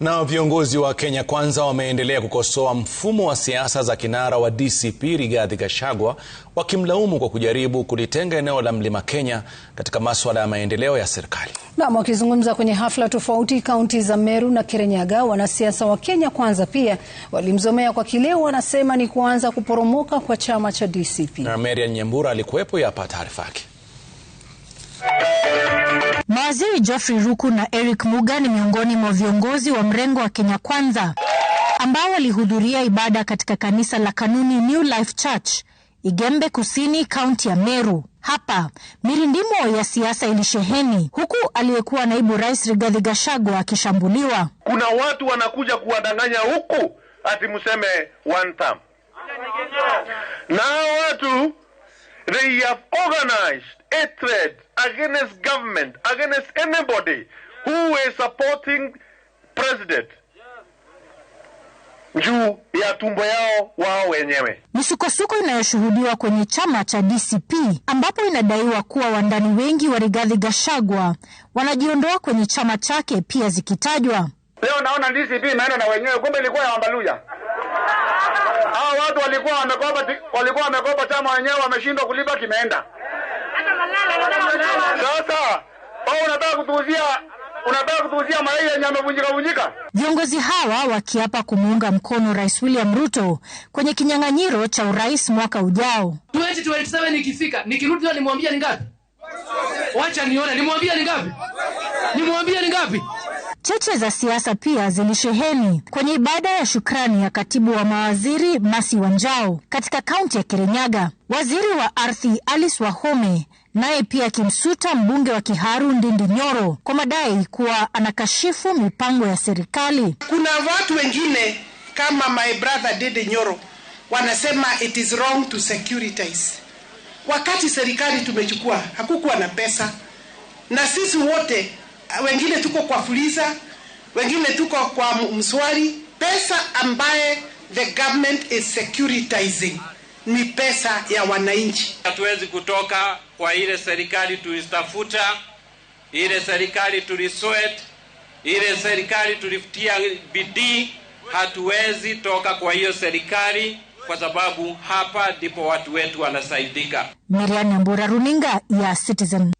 na viongozi wa Kenya Kwanza wameendelea kukosoa mfumo wa siasa za kinara wa DCP Rigathi Gachagua wakimlaumu kwa kujaribu kulitenga eneo la Mlima Kenya katika masuala ya maendeleo ya serikali. Naam, wakizungumza kwenye hafla tofauti kaunti za Meru na Kirinyaga, wanasiasa wa Kenya Kwanza pia walimzomea kwa kile wanasema ni kuanza kuporomoka kwa chama cha DCP. Na Marian Nyambura alikuwepo, yapa taarifa yake. Waziri Geoffrey Ruku na Eric Muga ni miongoni mwa viongozi wa mrengo wa Kenya Kwanza ambao walihudhuria ibada katika kanisa la Kanuni New Life Church Igembe Kusini, kaunti ya Meru. Hapa mirindimo ya siasa ilisheheni huku aliyekuwa naibu rais Rigathi Gachagua akishambuliwa. Kuna watu wanakuja kuwadanganya huku ati mseme one term, na watu they have organized hatred against government, against anybody who is supporting president juu ya tumbo yao wao wenyewe. Misukosuko inayoshuhudiwa kwenye chama cha DCP ambapo inadaiwa kuwa wandani wengi wa Rigathi Gachagua wanajiondoa kwenye chama chake pia zikitajwa. Leo naona DCP imeenda na wenyewe, kumbe ilikuwa ya Wambaluya. Hao watu walikuwa wamekopa, walikuwa wamekopa chama wenyewe, wameshindwa kulipa, kimeenda sasa wewe unataka kutuuzia unataka kutuuzia mayai yenye yamevunjika vunjika. Viongozi hawa wakiapa kumuunga mkono Rais William Ruto kwenye kinyang'anyiro cha urais mwaka ujao. 2027 nikirudi leo nimwambia ni ngapi? Wacha nione, nimwambia ni ngapi? Nimwambia ni ngapi? Cheche za siasa pia zilisheheni kwenye ibada ya shukrani ya katibu wa mawaziri Masi Wanjao katika kaunti ya Kirinyaga. Waziri wa ardhi Alice Wahome naye pia akimsuta mbunge wa Kiharu Ndindi Nyoro kwa madai kuwa anakashifu mipango ya serikali. Kuna watu wengine kama my brother Ndindi Nyoro wanasema it is wrong to securitize. Wakati serikali tumechukua, hakukuwa na pesa, na sisi wote wengine tuko kwa fuliza, wengine tuko kwa mswari, pesa ambaye the government is securitizing ni pesa ya wananchi. Hatuwezi kutoka kwa ile serikali tulistafuta, ile serikali tulisweat, ile serikali tulifutia bidii. Hatuwezi toka kwa hiyo serikali kwa sababu hapa ndipo watu wetu wanasaidika. Miriam Nyambura, runinga ya Citizen.